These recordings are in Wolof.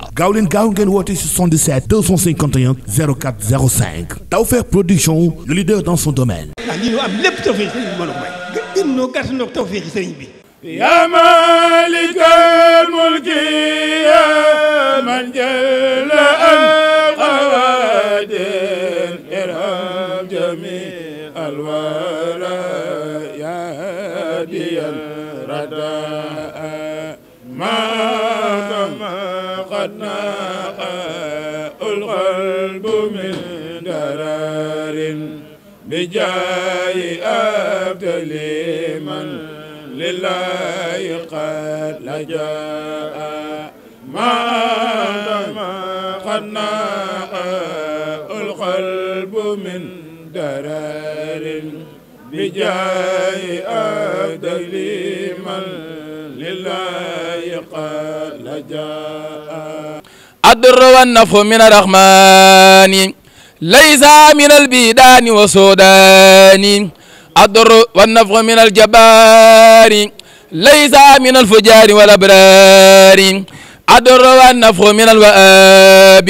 waaw gaaw leen gaaw ngeen woote 77 251 04 05 Tawfekh Production le leader dans son domaine. ah lii ñu am lépp tawfeex sëriñ bi mën a may. gën gën ñoo gàtt ñoo mulki yaa man من درار بجاي أبتلي من لله قد لجأ ما قد ناء القلب من درار بجاي أبتلي الضر والنفع من الرحمن ليس من البيدان والسودان الضر والنفع من الجبار ليس من الفجار والأبرار الضر والنفع من الوآب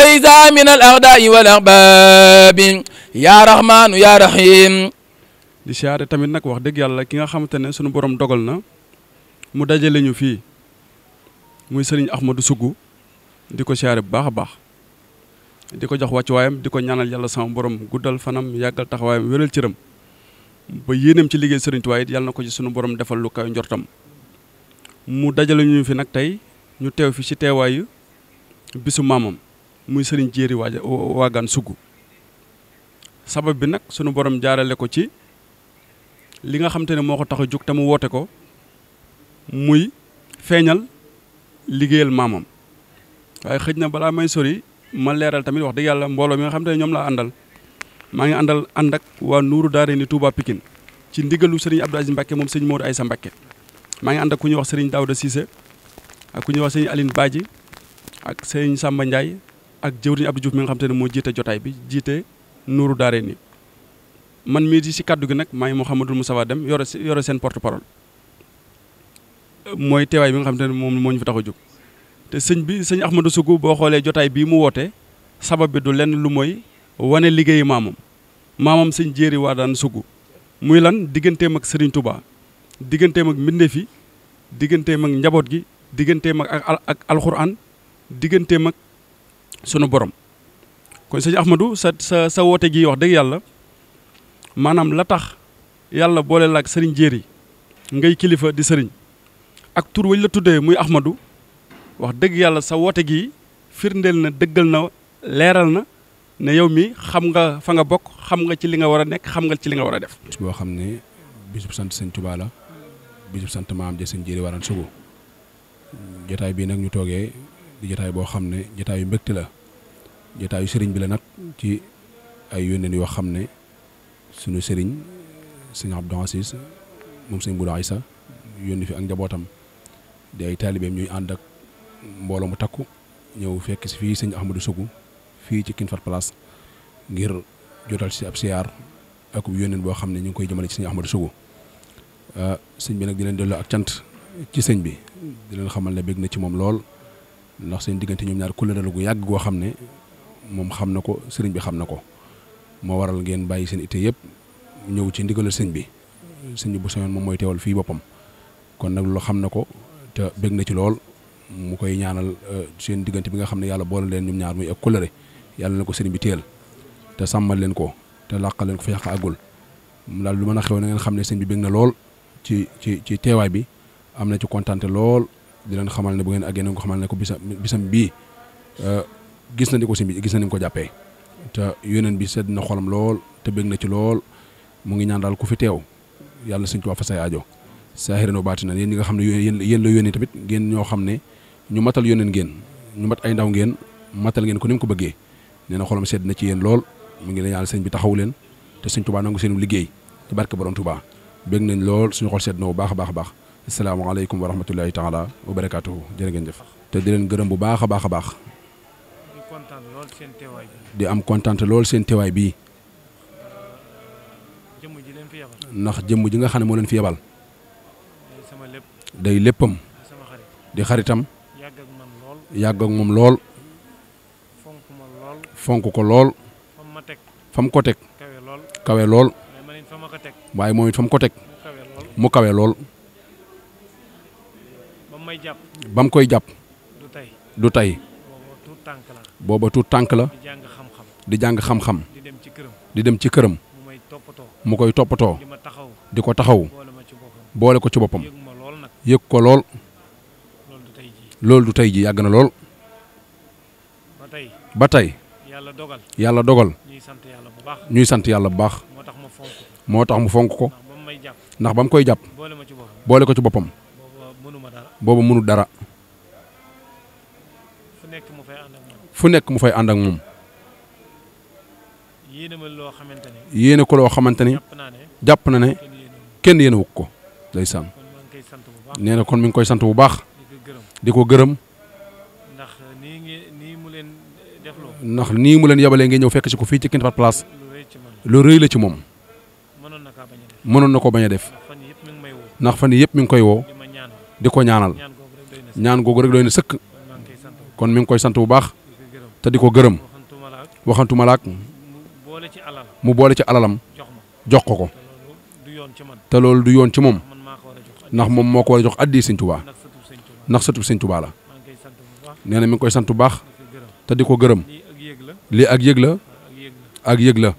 ليس من الأعداء والأحباب يا رحمن يا رحيم di siyaare tamit nag wax dëgg yàlla ki nga xamante ne sunu borom dogal na mu dajale ñu fii muy sëriñ Ahmadou Sougou di ko siyaare bu baax a baax di ko jox waayam di ko ñaanal yàlla sama borom guddal fanam yàggal taxawaayam wéral cëram ba yéeneem ci liggéey Sëriñ Tuubaa it yàlla na ko ci sunu borom defal lu kaw njortam mu dajale ñu fi nag tey ñu teew fi ci teewaay bisu maamam muy sëriñ jéeri waaja waagaan sugg sabab bi nag sunu borom jaarale ko ci li nga xam te ne moo ko tax a jóg te mu woote ko muy feeñal liggéeyal maamam waaye xëj na balaa may sori ma leeral tamit wax dëgg yàlla mbooloo mi nga xam te ne ñoom laa àndal maa ngi àndal ànd ak waa Nuuru Daarayni Touba pikin ci ndigalu sëriñ Abdou Aziz Mbacke moom sëriñ Modou Aïssa Mbacke maa ngi ànd ak ku ñuy wax sëriñ Daouda Cissé ak ku ñuy wax sëriñ Aline Badji ak sëriñ Samba Ndiaye ak jëwriñ Abdou Diouf mi nga xam te ne moo jiite jotaay bi jiite Nuuru Daarayni man mii di si kaddu gi nag maa ngi Mouhamadou Moustapha Deme yore yore seen porte parole mooy teewaay bi nga xam te ne moom ñu fi tax a jóg te sëñ bi sëñ Ahmadou Sougou boo xoolee jotaay bii mu woote sabab bi du lenn lu mooy wane liggéeyu maamam maamam sëñ Jéeri Waadaan Sougou muy lan digganteem ak sëriñ Touba digganteem ak mbindeef yi digganteem ak njaboot gi digganteem ak ak ak alxuraan digganteem ak sunu borom. kon sëñ Ahmadou sa sa sa woote gi wax dëgg yàlla maanaam la tax yàlla boole la ak Serigne Jéeri ngay kilifa di sëriñ ak tur wañ la tuddee muy Ahmadou. wax dëgg yàlla sa woote gi firndeel na dëggal na leeral na ne yow mi xam nga fa nga bokk xam nga ci li nga war a nekk xam nga ci li nga war a def. bis boo xam ne bisub sant sëñ Tuubaa la bisub sant maam ja sëñ Jéeri Waran Sugu jotaay bii nag ñu toogee di jotaay boo xam ne jotaayu mbégte la jotaayu sëriñ bi la nag ci ay yónneen yoo xam ne sunu sëriñ sëñ Abdou Aziz moom sëñ Bourou Aïssa yónni fi ak njabootam di ay taalibeem ñuy ànd ak. mbooloo mu takku ñëw fekk si fii sëñ Ahmadou Sougou fii ci King Fahd Palace ngir jotal si ab siyaar ak yónneen boo xam ne ñu ngi koy jëmale ci sëñ Ahmadou Sougou ah, sëñ bi nag di leen delloo ak cant ci sëñ bi di leen xamal ne bég na ci moom lool ndax seen diggante ñoom ñaar kull la gu yàgg goo xam ne moom xam na ko sëriñ bi xam na ko moo waral ngeen bàyyi seen itte yëpp ñëw ci ndigalal sëñ bi sëñ bi bu soñoon moom mooy teewal fii boppam kon nag loolu xam na ko te na ci lool. mu koy ñaanal euh, seen diggante bi nga xam ne yàlla boole leen ñoom ñaar muy ak kóllëre yàlla na ko sëriñ bi teel te sàmmal leen ko te làqal leen ko fa yàq àggul daal lu ma a xew na ngeen xam ne sëñ bi bëgg na lool ci ci ci teewaay bi am na ci kontaante lool di leen xamal ne bu ngeen àggee nañ ko xamal ne ko bisam bisam bii euh, gis na ni ko sëñ bi gis na ni ko jàppee te yóneen bi sedd na xolam lool te bëgg na ci lool mu ngi ñaan daal ku fi teew yàlla sëñ Tuubaa fa say aajo saaxiran wa baatinan yéen ñi nga xam ne yéen la tamit ngeen ñoo xam ne ñu matal yónneen ngeen ñu mat ay ndaw ngeen matal ngeen ko ni mu ko bëggee nee na xolam sedd na ci yéen lool mu ngi leen yàlla sëñ bi taxaw leen te sëñ Tuubaa nangu seenu liggéey ci barke borom Tuubaa bëgg nañ lool suñu xol sedd na bu baax a baax a baax asalaamaaleykum wa rahmatulahi taala wa barakaatuhu jër ngeen jëf te di leen gërëm bu baax a baax a baax di am kontaan lool seen teewaay bii ndax jëmm ji nga xam ne moo leen fi yebal day léppam di xaritam yàgg ak moom lool. fonk ma ko lool. fam ma teg fam ko teg. kawe lool kawe lool. waaye moom it fa mu ko teg. mu kawe lool. ba mu may jàpp. koy jàpp. du tey du tey. booba tuut tànk la. di jàng xam-xam di jàng xam-xam. dem ci këram di dem ci këram. mu koy toppatoo. di ko taxaw. boole ko ci boppam. yëg ko lool. loolu du tey ji yàgg na lool. ba tey ba tey. yàlla dogal yàlla dogal. ñuy sant yàlla bu baax ñuy sant yàlla bu baax. moo tax mu fonk ko moo tax mu fonk ko. ndax ba mu koy jàpp. boole ma ci boppam boole ko ci boppam. boobu mënu dara. fu nekk mu fay ànd moom nekk mu fay ànd ak moom. yéene ma loo xamante ni. yéene ko loo xamante ni jàpp na ne kenn yéene ko. ndeysaan nee na kon mu ngi koy sant bu baax. di ko gërëm. ndax nii nii mu leen ndax nii mu leen yabalee ngeen ñëw fekk ci ko fii ci King Fahd Palace. lu rëy la ci moom. mënoon na koo bañ a def. mënoon na koo bañ a def. ndax fan yii yëpp mi ngi koy woo. di ko ñaanal. ñaan googu rek doy na sëkk. kon mi ngi koy sant bu baax. te di ko gërëm. waxantuma laak mu boole ci alalam. jox ko ko. te loolu du yoon ci moom. ndax moom moo ko jox addi Sëñ ndax sëtu sëñ Tuubaa la nee na mi ngi koy sant bu baax te di ko gërëm lii ak yëg la ak yëg la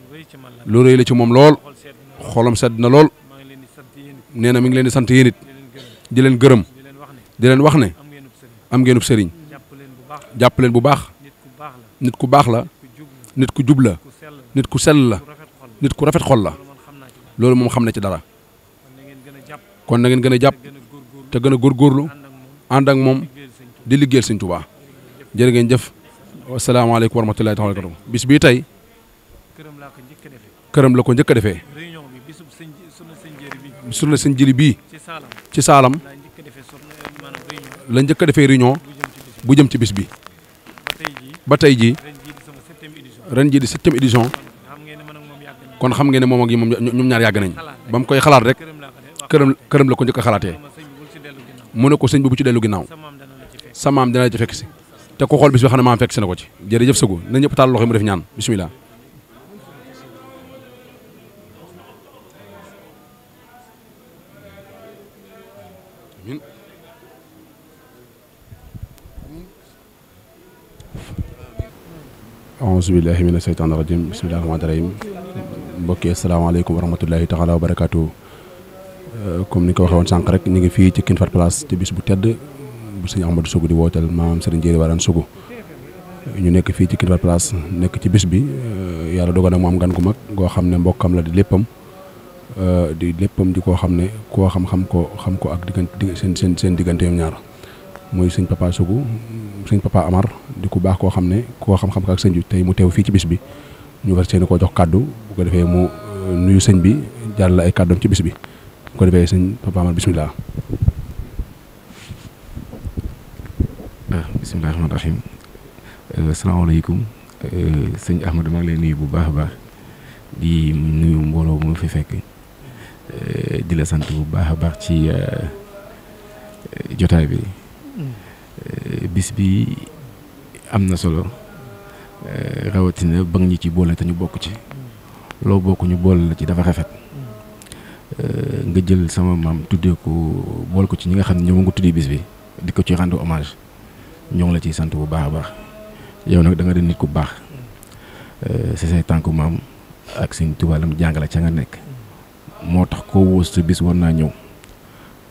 lu rëy la ci moom lool xolam sedd na lool nee na mi ngi leen di sant yéen it di leen gërëm di leen wax ne am ngeenub sëriñ jàpp leen bu baax nit ku baax la nit ku jub la nit ku sell la nit ku rafet xol la loolu moom xam na ci dara kon na ngeen gën a jàpp te gën a góorgóorlu ànd ak moom di liggéeyal sëñ baa jërë ngeen jëf asalaamaaleykum wa rahmatulahi taala barakatu bis bii tey këram la ko njëkk a defee surna sëñ jili bii ci saalam la jëkk defee réunion bu jëm ci bis bi ba tey jii ren jii di septième édition kon xam ngeen ne moom ak yi moom ñoom ñaar yàgg ba mu koy xalaat rek këram këram la ko njëkk a xalaatee mu ne ko sëñ bi bu ci dellu ginnaaw sa maam dina la ci fekk si te ko xool bis bi xam ne fekk si na ko ci jërëjëf Sougou na ñëpp taal loxo mu def ñaan bisimilah. auzu billahi mina shaytaani rajim bismillahi rahmaani rahim mbokki asalaamaaleykum wa rahmatullahi taala Euh, comme ni ko waxee sànq rek ñu ngi fii ci King Fahd Palace ci bis bu tedd bu sëñ Ahmadou Sougou di wooteel maam Serigne Ndiéri Wadane Sougou ñu nekk fii ci King Fahd Palace nekk ci bis bi euh, yàlla dogal na mu am gan gu mag goo xam ne mbokkam la di léppam euh, di léppam di koo xam ne koo xam-xam ko xam ko ak diggante seen seen seen diggante ñoom ñaar muy sëñ papa Sougou sëñ papa Amar di ku baax koo xam ne koo xam-xam ko ak sëñ bi tey mu teew fii ci bis bi ñu war seen koo jox kàddu bu ko defee mu nuyu sëñ bi jàll ay kàddoom ci bis bi. bu ko defee sëñ Papa Amar bisimilah. ah bisimilah rahmaani rahiim euh, asalaamaaleykum euh, sëñ Ahmad maa ngi lay nuyu bu baax a baax di nuyu mbooloo mu fi fekk euh, di la sant bu baax a baax ci jotaay bi bis bi am na solo rawatina ba nga ñu ci boole te ñu bokk ci loo bokk ñu boole la ci dafa rafet. Euh, nga jël sama maam tuddee ko bool ko ci ñi nga xam ne ñoo nga ko tuddee bis bi di ko ci rendre hommage ñoo ngi la ciy sant bu baax a baax yow nag da nga den nit ku baax euh, si say tànku maam ak Sëñ Tuubaa lam jàngale ca nga nekk moo tax koo wóos sa naa ñëw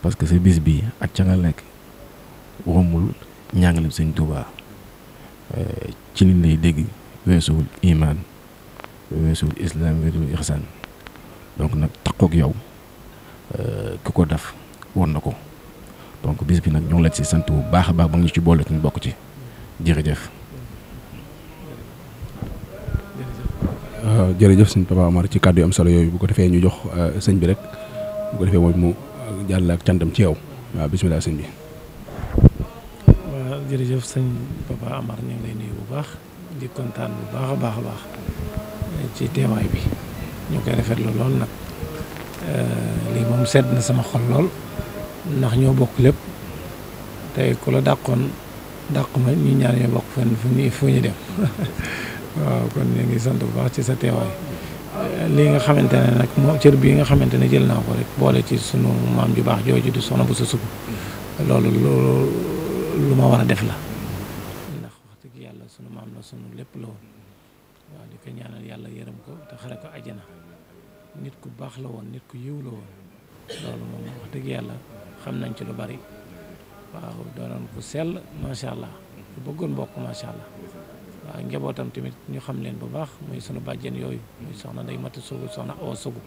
parce que sa bis bi ak ca nga nekk womul ñàngale Sëñ Tuubaa euh, ci liñ lay dégg weesuwul imaan weesuwul islaam weesuwul ixsaan donc nag takkook yow Euh, ki ko def won na ko donc bis bi nag ñoo ngi ci sant bu baax a baax ba ñu ci boole ñu bokk ci jërëjëf. Ah, jërëjëf sëñ Papa Omar ci kàddu am solo yooyu bu ko defee ñu jox euh, sëñ bi rek bu ko defee moom mu jàll ak cantam ci yow waaw bisimilah sëñ bi. waaw jërëjëf sëñ Papa Omar ñu ngi lay nuyu bu baax di kontaan bu baax a baax a baax ci teewaay bi ñu koy rafetlu lool nag. Euh, lii moom sedd na sama xol lool ndax ñoo bokk lépp te ku la dàqoon dàq ma ñu ñaar ñoo bokk fenn fu ñu fu ñu dem waaw kon ñu ngi sant bu baax ci sa teewaay euh, lii nga xamante ne nag moom cër bii nga xamante ne jël naa ko rek boole ci sunu maam ju baax jooju di soxna bu sa sug loolu lu ma war a def la ndax wax dëgg yàlla sunu maam la sunu lépp la woon waaw di ko ñaanal yàlla yërëm ko te xare ko àjjana nit ku baax la woon nit ku yiw la woon loolu moom wax dëgg yàlla xam nañ ci lu bari waaw doonoon ku sell macha allah ku bëggoon mbokk macha allah waaw njabootam tamit ñu xam leen bu baax muy sunu bàjjen yooyu muy soxna day mata sugu soxna awa sugu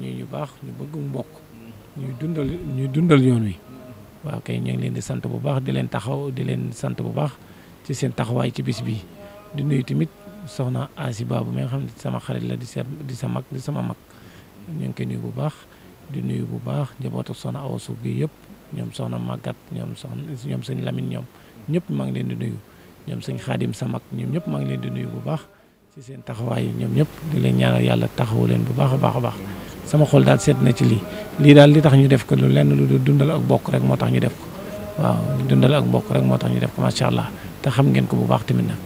ñu ñu baax ñu bëgg mbokk ñuy dundal ñuy dundal yoon wi waaw kay ñu ngi leen di sant bu baax di leen taxaw di leen sant bu baax ci seen taxawaay ci bis bi di nuyu tamit soxna Asi Baabu mi nga xam ne sama xarit la di sa di sa mag di sama mag ñu ngi koy nuyu bu baax di nuyu bu baax njabootu soxna Awa Suuf gi yëpp ñoom soxna Magat ñoom soxna ñoom sëñ Lamine ñoom ñëpp maa ngi leen di nuyu ñoom sëñ Xaadim sa mag ñoom ñëpp maa ngi leen di nuyu bu baax ci seen taxawaay ñoom ñëpp di leen ñaanal yàlla taxawu leen bu baax a baax a baax sama xol daal seet na ci lii lii daal li tax ñu def ko lu lenn lu dundal ak bokk rek moo tax ñu def ko waaw dundal ak bokk rek moo tax ñu def ko allah te xam ngeen bu baax tamit nag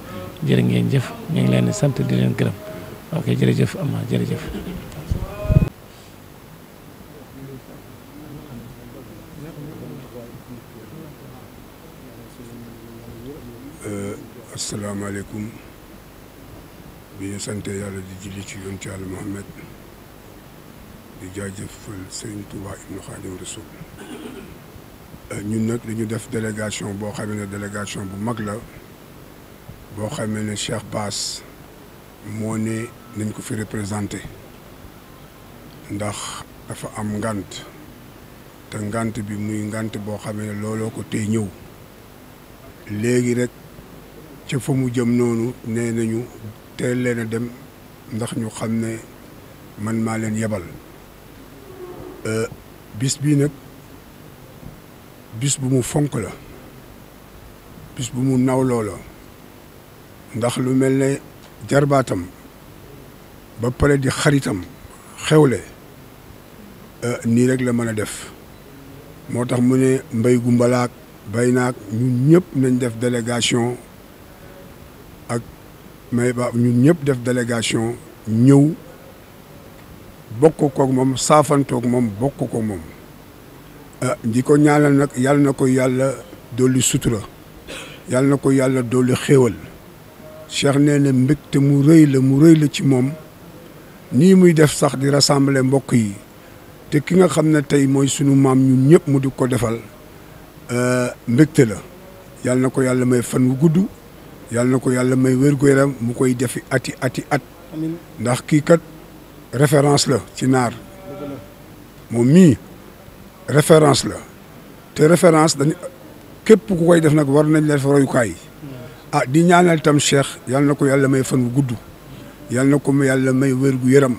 jërë ngeen jëf ñu ngi leen di sant di leen gërëm ok jërëjëf Ama jërëjëf. Euh, asalaamaaleykum bi ñu sante yàlla di julli ci yoon ci yàlla Muhammad di jaajëfal Sëriñ Tuubaa Ibnu Xaadimu Rasuul euh, ñu nag dañu def délégation boo xam ne délégation bu mag la. boo xamee ne Cheikh Bass moo ne nañ ko fi représenté ndax dafa am ngant te ngant bi muy ngant boo xamee ne looloo ko tey ñëw léegi rek ca fa mu jëm noonu ne nañu te leen a dem ndax ñu xam ne man maa leen yebal euh, bis bii nag bis bu mu fonk la bis bu mu naw la ndax lu mel ne jarbaatam ba pare di xaritam xewle eh, nii rek la mën a def moo tax mu ne mbay gumbalaak bay naag ñun ñëpp nañ def délégation ak mai ba ñun ñëpp def délégation ñëw bokk koog moom saafantoog moom bokk ko moom eh, di ko ñaanal nag yàlla na ko yàlla dolli sutura yàlla na ko yàlla dolli xéewal Cheikh nee na mbégte mu rëy la mu rëy la ci moom nii muy def sax di rassembler mbokk yi te ki nga xam ne tey mooy sunu maam ñu ñëpp mu di ko defal euh, mbégte la yàlla na ko yàlla may fan wu gudd yàlla na ko yàlla may wér-gu-yaram mu koy defi ati ati at ndax kii kat référence la ci naar moo mi référence la te référence dañ képp ku koy def nag war nañ leen fa royukaay ah di ñaanal tam cheikh yal na ko yàlla may fan wu gudd yal na ko yàlla may wér yaram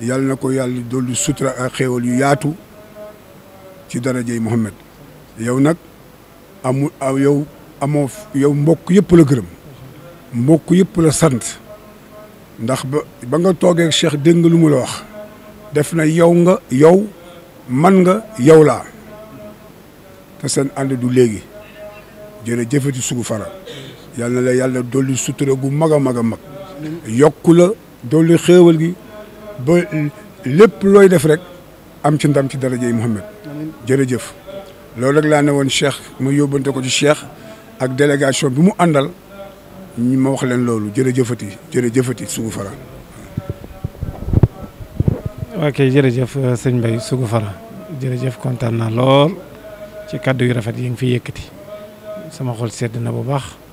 yal na ko yàlla dolli sutura ak xéewal yu yaatu ci darajey Muhammad yow nag amu aw yow amoo yow mbokk yëpp la gërëm mbokk la sant ndax ba ba nga toogee cheikh dégg nga lu mu la wax def na yow nga yow man nga yow laa te seen ànd du léegi jërëjëfati sugu fara yal na la yàlla dolli sutura gu mag a mag a mag yokku la dolli xéewal gi ba lépp looy def rek am ci ndam ci darajey Mouhamed jërëjëf loolu rek laa ne woon Cheikh ma yóbbante ko di Cheikh ak délégation bi mu àndal ñu ma wax leen loolu jërëjëfati jërëjëfati sugu fara ok jërëjëf euh, sëñ Mbaye sugu fara jërëjëf kontaan naa lool ci kàddu yu rafet yi nga fi yëkkati sama xol sedd na bu baax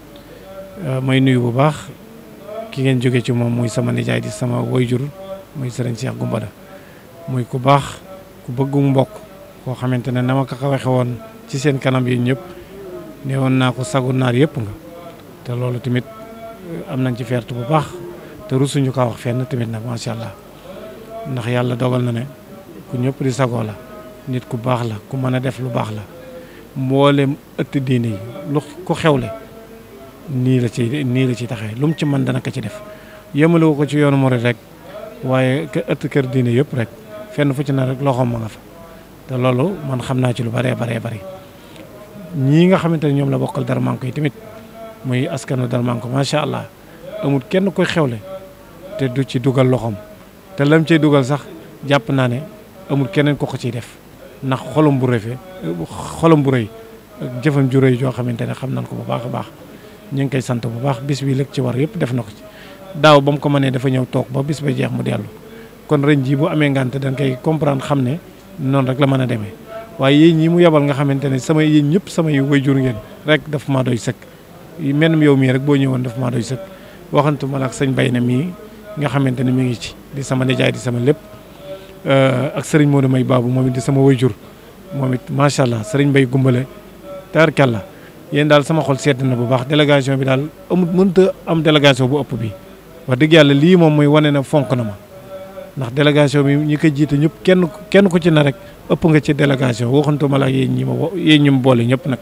Euh, may nuyu bu baax ki ngeen jóge ci moom muy sama nijaay di sama woyjur muy sëriñ Cheikh Gumbada muy ku baax ku bëggum mbokk koo xamante ne na ma ko waxe woon ci seen kanam yi ñëpp ne naa ko sagu naar yëpp nga te loolu tamit euh, am nañ ci fierté bu baax te rusuñu ko wax fenn tamit nag macha allah ndax yàlla dogal na ne ku ñëpp di sagoo la nit ku baax la ku mën a def lu baax la mboolem ëtt diine yi lu ko xewle nii la ci nii la ci taxee lu mu ci man dana ko ci def yëmaliwu ko ci yoonu murid rek waaye ke ëtt kër diine yëpp rek fenn fu ci na rek loxoom ma nga fa te loolu man xam naa ci lu bëree baree bëri ñii nga xamante ne ñoom la bokkal Darmanko yi tamit muy askanu Darmanko macha allah amul kenn koy xewle te du ci dugal loxoom te lam cey dugal sax jàpp naa ne amul keneen ko ko ciy def ndax xolom bu rëy xolam bu rëy ak ju rëy joo xamante ne xam nañ ko bu baax a baax ñu ngi koy sant bu baax bis bi lëg ci war yëpp def na ko ci daaw ba mu ko mënee dafa ñëw toog ba bis ba jeex mu dellu kon ren jii bu amee ngante dañ koy comprendre xam ne noonu rek la mën a demee waaye yéen ñii mu yebal nga xamante ne sama yéen ñëpp samay waajur ngeen rek daf maa doy sëkk menn yow mii rek boo ñëwoon dafa maa doy sëkk waxantuma la ak sëñ bay na mii nga xamante ne mi ngi ci di sama nijaay di sama lépp euh, ak sëriñ Modou May Babu moom it di sama waajur moom it macha allah sëriñ Bay Gumbale tarkalla yéen daal sama xol sedd na bu baax délégation bi daal amut mënta am délégation bu ëpp bi wax dëgg yàlla lii moom muy wane na fonk na ma ndax délégation bi ñi ko jiite ñëpp kenn kenn ku ci na rek ëpp nga ci délégation waxantuma la yéen ñi ma yéen ñi mu boole ñëpp nag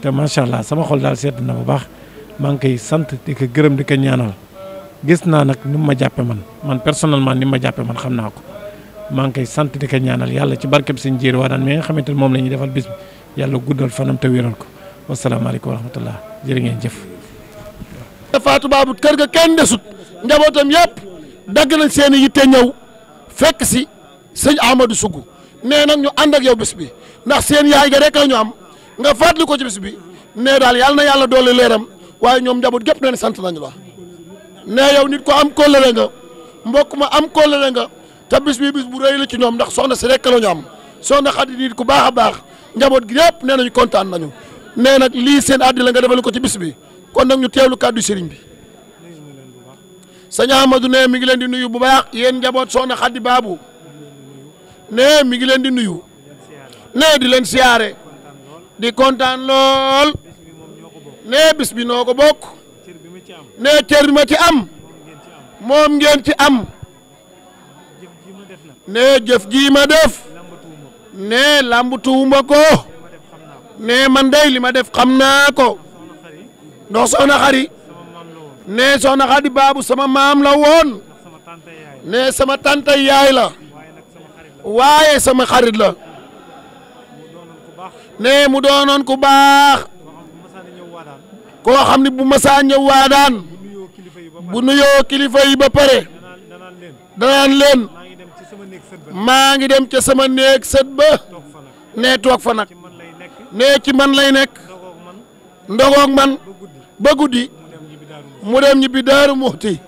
te macha allah sama xol daal sedd na bu baax maa ngi koy sant di ko gërëm di ko ñaanal gis naa nag ni mu ma jàppe man man personnellement ni mu ma jàppe man xam naa ko maa ngi koy sant ci barkeb seen jéeri waa daan xamante ne moom la ñuy defal bis bi yàlla guddal fanam te wéral ko wasalaamaaleykum wa rahmatullah jërë ngeen jëf. Fatou Babou kër ga kenn desut njabootam yëpp dagg nañ seen i yitte ñëw fekk si sëñ Amadou Sougou nee nag ñu ànd ak yow bis bi ndax seen yaay ga rekk la ñu am nga fàttali ko ci bis bi nee daal yàlla na yàlla doole leeram waaye ñoom njaboot gépp neen sant nañu la nee yow nit ko am kóllëre nga mbokk ma am kóllëre nga te bis bi bis bu rëy la ci ñoom ndax soxna si rek la ñu am soxna Xadi nit ku baax a baax njaboot gi yëpp nee nañu kontaan nañu. nee nag lii seen addi la nga defal ko ci bis bi kon nag ñu teewlu kàddu sëriñ bi sëñ Amadou nee mi ngi leen di nuyu bu baax yéen njaboot soxna Xadi Baabu nee mi ngi leen di nuyu nee di leen siyaare di kontaan lool nee bis bi noo ko bokk nee cër bi ma ci am moom ngeen ci am nee jëf jii ma def nee làmb tuuma ko ne man day li ma def xam naa ko ndox soxna xari ne soxna xadi baabu sama maam la woon ne sama tante yaay la waaye sama xarit la ne mu doonoon ku baax koo xam ne bu masaa ñëw waadaan bu nuyoo kilifa yi ba pare danaan leen maa ngi dem ca sama néeg sët ba ne toog fa nag nee ci man lay nekk ndogoog man ba guddi mu dem ñibbi daaru muxti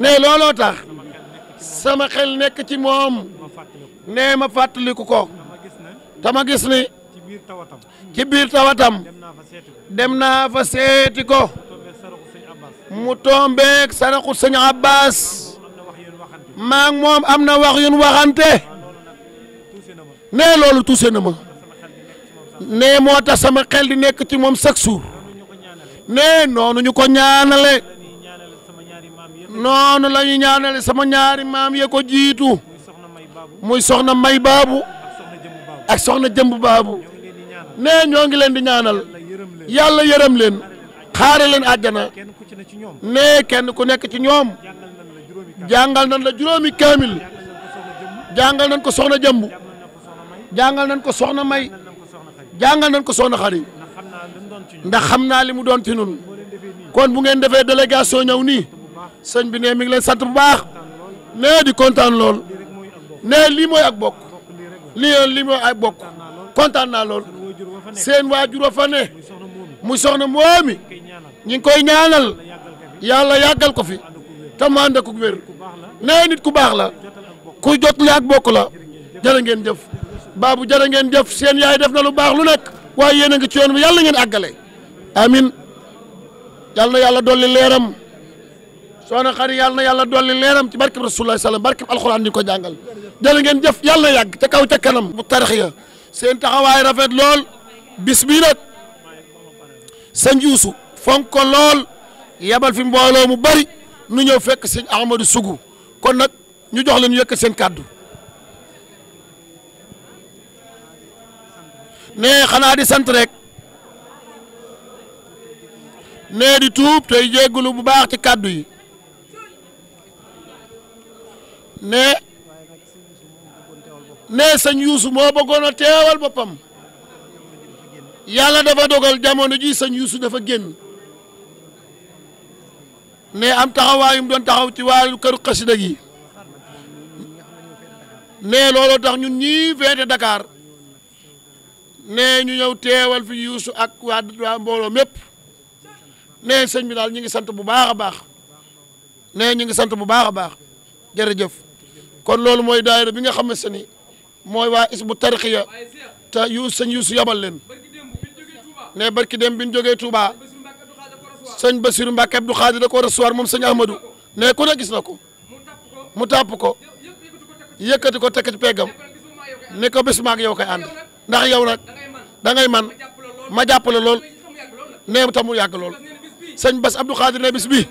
nee looloo tax sama xel nekk ci moom nee ma fàttaliku ko te gis ni ci biir tawatam dem naa fa seeti ko mu tombeek saraxu sëñ Abbas maa ngi moom am na wax yun waxante nee loolu tuuse na ma nee moo tax sama xel di nekk ci moom chaque jour nee noonu ñu ko ñaanale noonu la ñuy ñaanale sama ñaari maam yee ko jiitu muy soxna may baabu ak soxna jëmb baabu nee ñoo ngi leen di ñaanal yàlla yërëm leen xaare leen àjjana nee kenn ku nekk ci ñoom jàngal nañ la juróomi kaamil jàngal nañ ko soxna jëmb jàngal nañ ko soxna may jàngal nañ ko soxna Xari ndax xam naa li mu doon ci nun kon bu ngeen defee délégation ñëw nii sëñ bi ne mi ngi leen sant bu baax nee di kontaan lool nee lii mooy ak bokk lii ay mooy ak bokk kontaan naa lool seen waajur a fa ne muy soxna moomi ñi ngi koy ñaanal yàlla yàggal ko fi te mu ànd ak wér nee nit ku baax la ku jot li ak bokk la jërë ngeen jëf baabu jërë ngeen jëf seen yaay def na lu baax lu nekk waaye yéen a ngi ci yoon bi yàlla ngeen àggale amin yàlla na yàlla dolli leeram soxna xari yàlla na yàlla dolli leeram ci barkeb rasulullah sallam barkeb alxuraan di ko jàngal jërë ngeen jëf yàlla na yàgg ca kaw ca kanam bu tarix ya seen taxawaay rafet lool bis bii nag sëñ Yuusu lool yabal fi mbooloo mu bari nu ñëw fekk sëñ Ahmadou Sougou kon nag ñu jox leen yëkkat seen kàddu nee xanaa di sant rek nee di tuub tey jéggulu bu baax ci kàddu yi nee nee sëñ Yuusu moo bëggoon teewal boppam yàlla dafa dogal jamono ji sëñ Yuusu dafa génn nee am taxawaayum doon taxaw ci wàllu këru xasida gi nee looloo tax ñun ñii feete dakaar nee ñu ñëw teewal fi yuusu ak waa waa mbooloo mépp nee sëñ bi daal ñu ngi sant bu baax a baax nee ñu ngi sant bu baax a baax jërëjëf kon loolu mooy daayira bi nga xamante ni mooy waa isbu tarxiya ta yuusu sëñ yuusu yabal leen nee barki dem bi ñu jógee Touba sëñ Basiru Mbàkke Abdu Xaadir da ko recevoir moom sëñ Ahmadou nee ku ne gis na ko mu tàpp ko yëkkati ko tekk ci peggam ne ko bés maag yow koy ànd ndax yow nag da man ma jàppale lool nee tam mu yàgg lool sëñ bas Abdou Khadir ne bis bii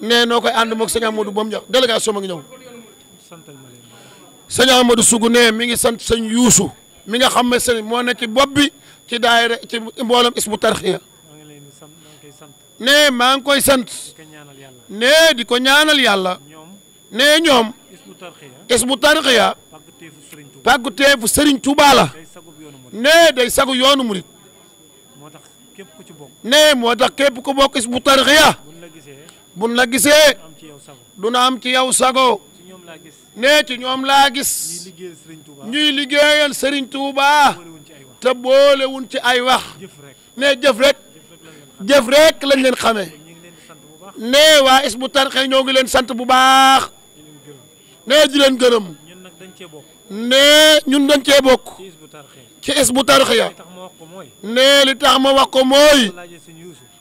nee noo koy ànd moog sëñ Amadou ba mu ñëw délégation ma ngi ñëw sëñ Amadou Sougou ne mi ngi sant sëñ Youssou mi nga xam ne sëñ moo nekk ci bopp bi ci daayira ci mboolem isbu tarxiya nee maa ngi koy sant nee di ko ñaanal yàlla nee ñoom isbu tarxiya pàgguteefu sëriñ Touba la nee day sagu yoonu murit nee moo tax képp ku bokk Hizbut Tarqiyyah buñ la gisee duna am ci yow sago nee ci ñoom laa gis ñuy liggéeyal Serigne Touba te boole wuñ ci ay wax nee jëf rek jëf rek lañ leen xamee nee waa Hizbut Tarqiyyah ñoo ngi leen sant bu baax nee di leen gërëm. ne ñun dañ cee bokk. ci Hizbut Tarqiyyah. ne li tax ma wax ko mooy.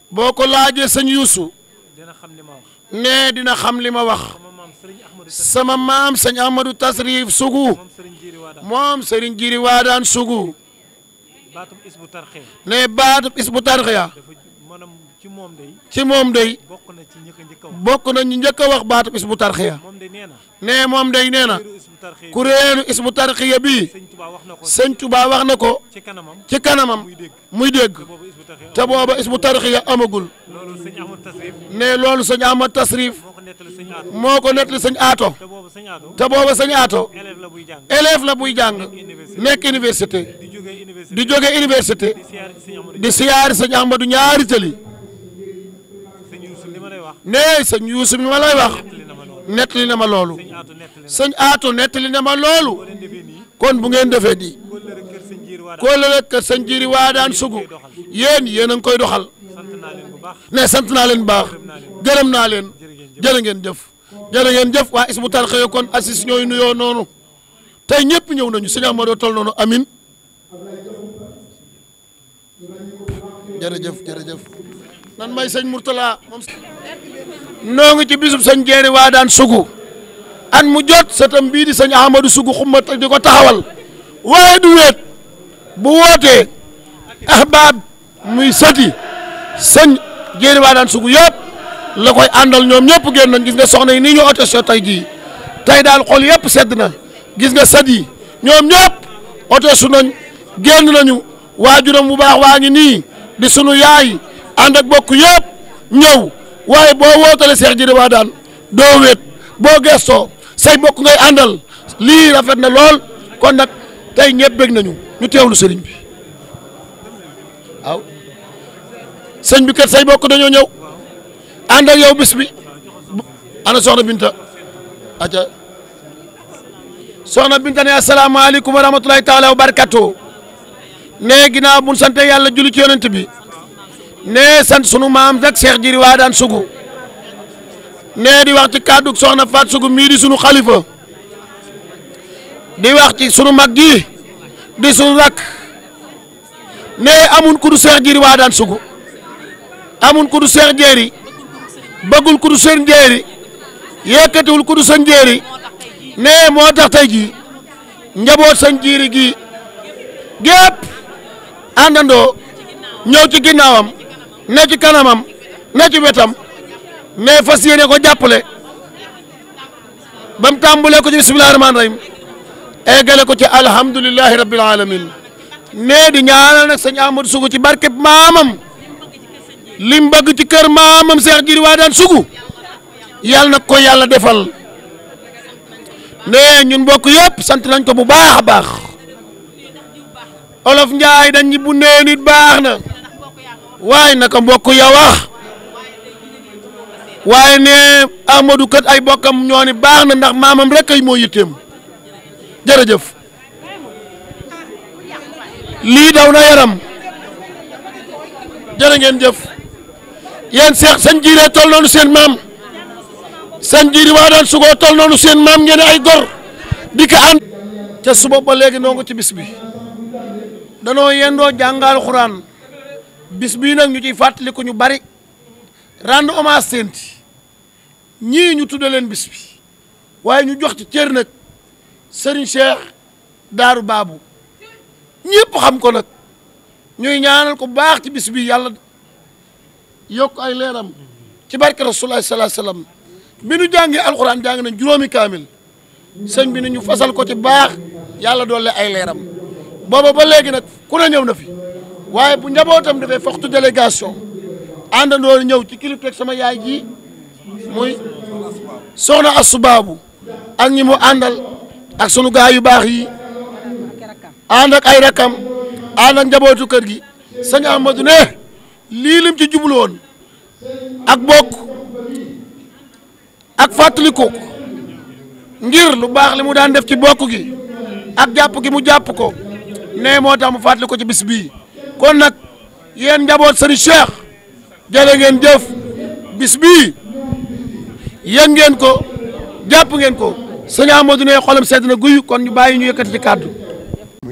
boo ko laajee sëñ Youssou. ne dina xam li ma wax. sama maam sëñ Ahmadou Tasrif Sougou. moom Serigne Jiri Waadaan Sougou. ne baatub Hizbut Tarqiyyah. ci moom day ci moom day bokk na ci ñi njëkk a wax bokk na ñu njëkk a wax baatu isbu tarxiya nee moom day nee na kuréelu isbu tarxiya bii sëñ tubaa wax na ko ci kanamam muy dégg te booba isbu tarxiya amagul ne loolu sëñ Ahmad Tasrif moo ko nettali sëñ Aato te booba sëñ Aato élève la buy jàng nekk université di jóge université di siyaari sëñ Ahmadu ñaari tëli nee sëñ Yuusu mi ma lay wax nettali na ma loolu sëñ Aatu nettali na ma loolu kon bu ngeen defee nii kóllëre kër sëñ Jiiri Waadaan Sugu yéen yéen a koy doxal ne sant naa leen baax gërëm naa leen jërë ngeen jëf jërë ngeen jëf waa Hizbut Tarqiyyah kon assis ñooy nuyoo noonu tey ñëpp ñëw nañu sëñ Amadou tol noonu amin nan may sëñ Mourtala moom ngi ci bisub sëñ jeeri waa daan sugu an mu jot sëtam bii di sëñ Ahmadou sugu xumma di ko taxawal waaye du weet bu wootee ahbaab muy sëti sëñ jeeri waa daan sugu yëpp la koy àndal ñoom ñëpp génn nañ gis nga soxna yi nii ñu oto so tey jii tey daal xol yëpp sedd na gis nga sët yi ñoom ñëpp oto su nañ génn nañu waajuram bu baax waa ngi nii di sunu yaay ànd ak bokk yëpp ñëw waaye boo wootalee Cheikh Jili Wadane doo wéet boo gestoo say bokk ngay àndal lii rafet na lool kon nag tey ñëpp nañu ñu teewlu sëriñ bi waaw sëñ bi kat say bokk dañoo ñëw ànd ak yow bis ana soxna Binta aca soxna Binta ne asalaamaaleykum wa rahmatulahi taala wa barakatu ne ginnaaw bu ñu yàlla julli ci yonent bi nee sant sunu maam nag Cheikh waa daan sugu nee di wax ci kàddu soxna Faat sugu mii di sunu xalifa di wax ci sunu mag ji di sunu rakk nee amun ku du Cheikh Jiri waa daan sugu amun ku du Cheikh Jiri bëggul ku du seen Jiri yëkkatiwul ku seen Jiri nee moo tax tey jii njaboot seen Jiri gi gépp àndandoo ñëw ci ginnaawam ne ci kanamam ne ci wetam mais fas yéene ko jàppale ba mu tàmbalee ko ci bisimilah rahmaani rahim eggale ko ci alhamdulilahi rabbil alamin nee di ñaanal nag sëñ Amadou Sougou ci barkeb maamam lim bëgg ci kër maamam Cheikh Djily Wadane Sougou yàlla na ko yàlla defal nee ñun mbokk yëpp sant nañ ko bu baax a baax olof Njaay dañ ñi bu nee nit baax na. waaye naka mbokk ya wax waaye ne Amadou kat ay bokkam ñoo baax na ndax maamam rek ay moo yitteem jërëjëf lii daw na yaram jërë ngeen jëf yéen seex sañ jiiree tol noonu seen maam sañ jiiri waa daan sugoo tol noonu seen maam ngeen ay gor di ko ànd ca suba ba léegi noo ci bis bi danoo yendoo jàngal xuraan bis bii nag ñu ciy fàttaliku ñu bari rendre hommage Senti ñii ñu tudde leen bis waaye ñu jox ci cër nag Serigne Cheikh Daaru Baabu ñëpp xam ko nag ñuy ñaanal ko baax ci bis bi yàlla yokk ay leeram ci barke Rasulullah sallallahu alayhi wasallam bi nu jàngee alxuraan jàng nañ juróomi kaamil sëñ bi ni ñu fasal ko ci baax yàlla doole ay leeram booba ba léegi nag ku ne ñëw na fi. waaye bu njabootam defee forte délégation àndandoo ñëw ci kilifteeg sama yaay ji muy soxna asubaabu ak ñi mu àndal ak sunu gaa yu baax yi ànd ak ay rakam ànd njabootu kër gi sëñ Amadou ne lii lim ci jublu ak bokk ak fàttaliku ngir lu baax li mu daan def ci bokk gi ak jàpp gi mu jàpp ko ne moo tax mu fàttali ko ci bis bii kon nag yéen njaboot sëriñ Cheikh jërë ngeen jëf bis bii ngeen ko jàpp ngeen ko sëñ Amadou ne xolam sedd na guy kon ñu bàyyi ñu yëkkati ci kàddu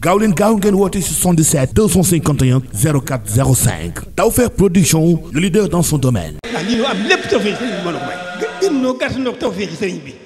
gaaw leen gaaw ngeen woote 77 251 04 05 Tawfekh Production le leader dans son domaine. Ah, am lépp tawfeex sëriñ bi mën a may. gën noo gàtt noo